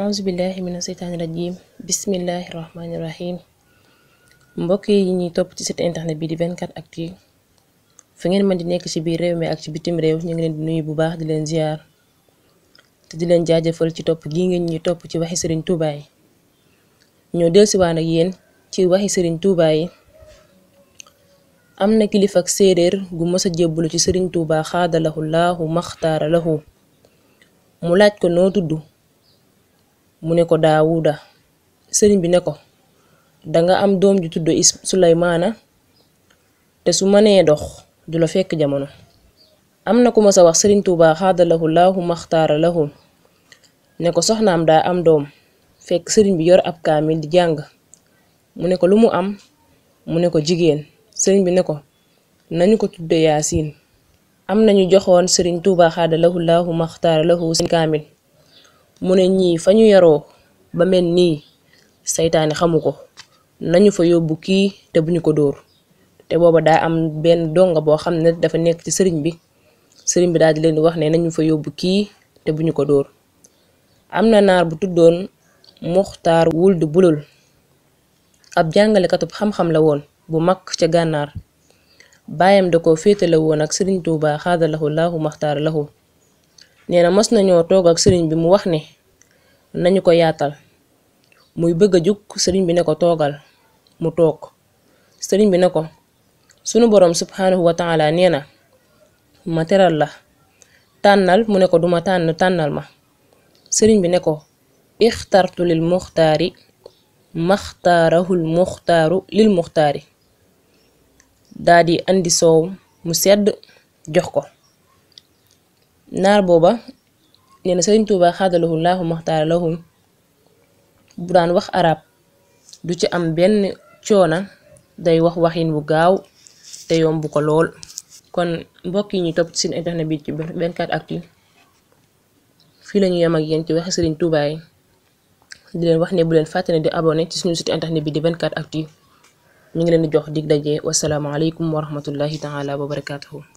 auzu billahi mina seytaani rajim bismillahi rahmaani rahim mbokk yi ñuy topp ci site internet bi di 24 actu fu ngeen mën di nekk ci biir réew mi ak ci bitim réew ñu ngi leen di nuyu bu baax di leen ziar te di leen jaajëfal ci topp gii ngeen ñi topp ci waxi sëriñ Touba ñoo dellusiwaan ak yéen ci waxi sëriñ Touba yi am na kilifa ak séeréer gu mës a jébbalu ci sëriñ Touba xaadalahu laahu maxtaara mu laaj ko noo tudd mu ne ko daawuda sëriñ bi ne ko danga am doom ju tudd is suleymaana te su mënee dox du la fekk jamono am na ku ma sa wax sëriñ tuubaa xaadalahu laahu maxtaara lahu ne ko soxnaam daa am doom fekk sëriñ bi yor ab kaamil di jàng mu ne ko lu mu am mu ne ko jigéen sëriñ bi ne ko nañu ko tudde yaasiin am nañu joxoon sëriñ tuubaa xaadalahu laahu maxtaara lahu seen kaamil mu ne ñii fa ñu yaroo ba mel nii saytaane xamu ko nañu fa yóbbu kii te bu ñu ko dóor te booba daa am benn donga boo xam ne dafa nekk ci sëriñ bi sëriñ bi daal di leen di wax ne nañu fa yóbbu kii te bu ko dóor am na naar bu tuddoon muxtaar wul bulul ab jàngalekatub xam-xam la woon bu mag ca gànnaar baayam da ko féetale woon ak sëriñ tuuba xaadalahu laahu maxtaar lahu nee na mos nañoo toog ak sëriñ bi mu wax ne nañu ko yaatal muy bëgg a jug sëriñ bi ne ko toogal mu toog sëriñ bi ne ko sunu boroom subhaanahu wa taala nee na ma teral la tànnal mu ne ko duma tànn tànnal ma sëriñ bi ne ko ixtartu lil muxtaari maxtaarahul muxtaaru lil muxtaari daa di soow mu sedd jox ko naar booba nee na sëriñ Tuuba xaadalahu laahu maxtaara lahum bu daan wax arab du ci am benn coona day wax waxin bu gaaw te yomb ko lool kon mbokk yi ñu topp ci seen internet bi ci 24 actu fii la ñu yem ak ci waxi sëriñ Tuuba di leen wax ne bu leen fàtte ne di ci suñu site internet bi di 24 actu mu ngi leen di jox dig daje wasalaamaaleykum wa rahmatullahi taala wa barakaatuhu